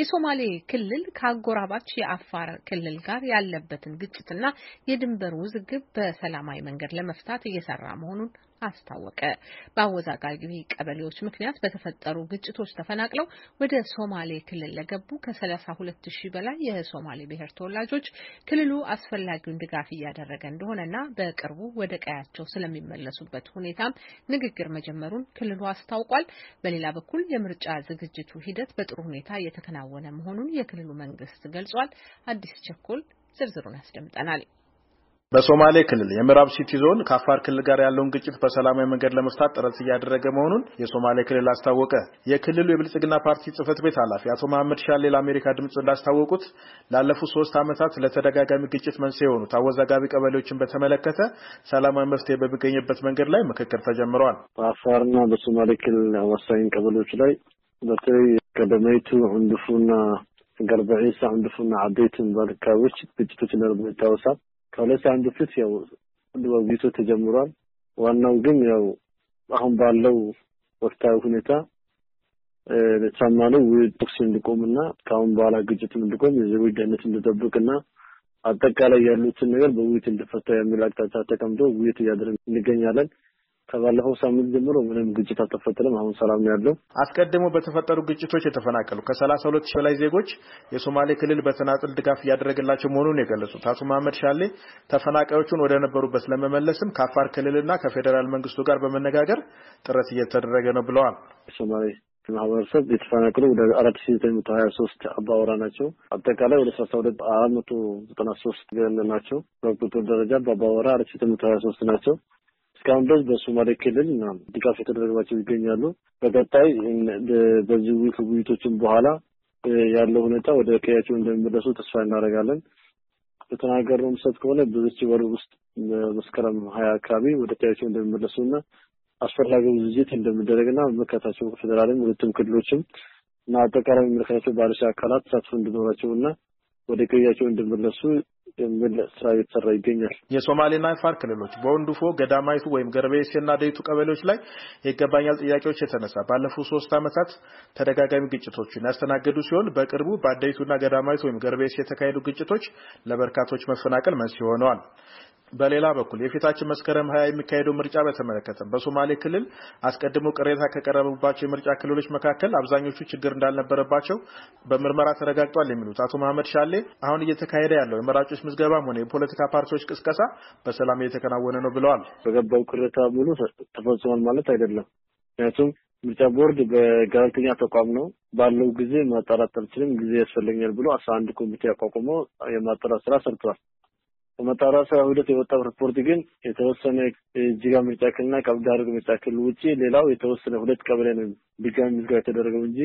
የሶማሌ ክልል ከአጎራባች የአፋር ክልል ጋር ያለበትን ግጭትና የድንበር ውዝግብ በሰላማዊ መንገድ ለመፍታት እየሰራ መሆኑን አስታወቀ። በአወዛጋቢ ቀበሌዎች ምክንያት በተፈጠሩ ግጭቶች ተፈናቅለው ወደ ሶማሌ ክልል ለገቡ ከ32 ሺህ በላይ የሶማሌ ብሔር ተወላጆች ክልሉ አስፈላጊውን ድጋፍ እያደረገ እንደሆነና በቅርቡ ወደ ቀያቸው ስለሚመለሱበት ሁኔታም ንግግር መጀመሩን ክልሉ አስታውቋል። በሌላ በኩል የምርጫ ዝግጅቱ ሂደት በጥሩ ሁኔታ የተከናወነ መሆኑን የክልሉ መንግስት ገልጿል። አዲስ ቸኮል ዝርዝሩን ያስደምጠናል። በሶማሌ ክልል የምዕራብ ሲቲ ዞን ከአፋር ክልል ጋር ያለውን ግጭት በሰላማዊ መንገድ ለመፍታት ጥረት እያደረገ መሆኑን የሶማሌ ክልል አስታወቀ። የክልሉ የብልጽግና ፓርቲ ጽህፈት ቤት ኃላፊ አቶ መሐመድ ሻሌ ለአሜሪካ ድምፅ እንዳስታወቁት ላለፉት ሶስት ዓመታት ለተደጋጋሚ ግጭት መንስኤ የሆኑት አወዛጋቢ ቀበሌዎችን በተመለከተ ሰላማዊ መፍትሄ በሚገኝበት መንገድ ላይ ምክክር ተጀምረዋል። በአፋርና በሶማሌ ክልል አዋሳኝ ቀበሌዎች ላይ በተለይ ቀደመይቱ እንድፉና ገርበ እንድፉና አበይት አካባቢዎች ግጭቶች እንደነበሩ ይታወሳል። ከሁለት ሳምንት በፊት ያው ውይይቱ ተጀምሯል። ዋናው ግን ያው አሁን ባለው ወቅታዊ ሁኔታ የተሰማነው ውይይት ተኩስ እንዲቆምና ከአሁን በኋላ ግጭት እንዲቆም የዜጎች ደህንነት እንዲጠብቅና አጠቃላይ ያሉትን ነገር በውይይት እንዲፈታ የሚል አቅጣጫ ተቀምጦ ውይይት እያደረግን እንገኛለን። ከባለፈው ሳምንት ጀምሮ ምንም ግጭት አልተፈጠረም። አሁን ሰላም ነው ያለው። አስቀድሞ በተፈጠሩ ግጭቶች የተፈናቀሉ ከሰላሳ ሁለት ሺህ በላይ ዜጎች የሶማሌ ክልል በተናጥል ድጋፍ እያደረገላቸው መሆኑን የገለጹት አቶ መሀመድ ሻሌ ተፈናቃዮቹን ወደ ነበሩበት ለመመለስም ከአፋር ክልልና ከፌዴራል መንግስቱ ጋር በመነጋገር ጥረት እየተደረገ ነው ብለዋል። ሶማሌ ማህበረሰብ የተፈናቀሉ ወደ አራት ሺ ዘጠኝ መቶ ሀያ ሶስት አባወራ ናቸው። አጠቃላይ ወደ ሰላሳ ሁለት አራት መቶ ዘጠና ሶስት ገለ ናቸው። በቁጥር ደረጃ በአባወራ አራት ሺ ዘጠኝ መቶ ሀያ ሶስት ናቸው። እስካሁን ድረስ በሶማሌ ክልል ድጋፍ የተደረገባቸው ይገኛሉ። በቀጣይ በዚህ ውይይቶችን በኋላ ያለው ሁኔታ ወደ ቀያቸው እንደሚመለሱ ተስፋ እናደርጋለን። በተናገረው መሰረት ከሆነ በዚች ወር ውስጥ መስከረም ሀያ አካባቢ ወደ ቀያቸው እንደሚመለሱ እና አስፈላጊው ዝግጅት እንደሚደረግና መመለከታቸው ፌዴራልም ሁለቱም ክልሎችም እና አጠቃላይ የሚመለከታቸው ባለድርሻ አካላት ተሳትፎ እንዲኖራቸው እና ወደ ቀያቸው እንዲመለሱ የሚል ስራ እየተሰራ ይገኛል። የሶማሌና አፋር ክልሎች በወንዱፎ ገዳማይቱ ወይም ገርቤሴና ደይቱ ቀበሌዎች ላይ የይገባኛል ጥያቄዎች የተነሳ ባለፉት ሶስት ዓመታት ተደጋጋሚ ግጭቶችን ያስተናገዱ ሲሆን በቅርቡ በአደይቱና ገዳማይቱ ወይም ገርቤሴ የተካሄዱ ግጭቶች ለበርካቶች መፈናቀል መንስኤ ሆነዋል። በሌላ በኩል የፊታችን መስከረም ሀያ የሚካሄደው ምርጫ በተመለከተ በሶማሌ ክልል አስቀድሞ ቅሬታ ከቀረበባቸው የምርጫ ክልሎች መካከል አብዛኞቹ ችግር እንዳልነበረባቸው በምርመራ ተረጋግጧል የሚሉት አቶ መሀመድ ሻሌ አሁን እየተካሄደ ያለው የመራጮች ምዝገባም ሆነ የፖለቲካ ፓርቲዎች ቅስቀሳ በሰላም እየተከናወነ ነው ብለዋል። በገባው ቅሬታ ሙሉ ተፈጽሟል ማለት አይደለም። ምክንያቱም ምርጫ ቦርድ በገለልተኛ ተቋም ነው ባለው ጊዜ ማጣራት አልችልም ጊዜ ያስፈልገኛል ብሎ አስራ አንድ ኮሚቴ አቋቁሞ የማጣራት ስራ ሰርቷል። ከመጣራ ስራ ሁለት የወጣው ሪፖርት ግን የተወሰነ ጅጋ ምርጫ ክልልና ቀብዳርግ ምርጫ ክልል ውጭ ሌላው የተወሰነ ሁለት ቀበሌ ነው ድጋሚ ምዝገባ የተደረገው እንጂ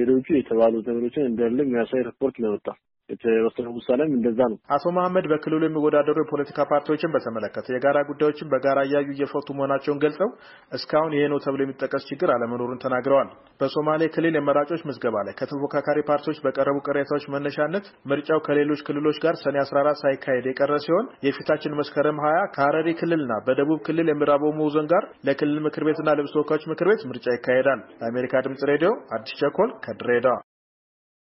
ሌሎቹ የተባሉ ነገሮችን እንዳለ የሚያሳይ ሪፖርት ነው የወጣው። የተወሰነው ውሳኔም እንደዛ ነው። አቶ መሀመድ በክልሉ የሚወዳደሩ የፖለቲካ ፓርቲዎችን በተመለከተ የጋራ ጉዳዮችን በጋራ እያዩ እየፈቱ መሆናቸውን ገልጸው እስካሁን ይሄ ነው ተብሎ የሚጠቀስ ችግር አለመኖሩን ተናግረዋል። በሶማሌ ክልል የመራጮች ምዝገባ ላይ ከተፎካካሪ ፓርቲዎች በቀረቡ ቅሬታዎች መነሻነት ምርጫው ከሌሎች ክልሎች ጋር ሰኔ 14 ሳይካሄድ የቀረ ሲሆን የፊታችን መስከረም ሀያ ከሀረሪ ክልልና በደቡብ ክልል የምዕራብ ኦሞ ዞን ጋር ለክልል ምክር ቤትና ለብዙ ተወካዮች ምክር ቤት ምርጫ ይካሄዳል። ለአሜሪካ ድምጽ ሬዲዮ አዲስ ቸኮል ከድሬዳዋ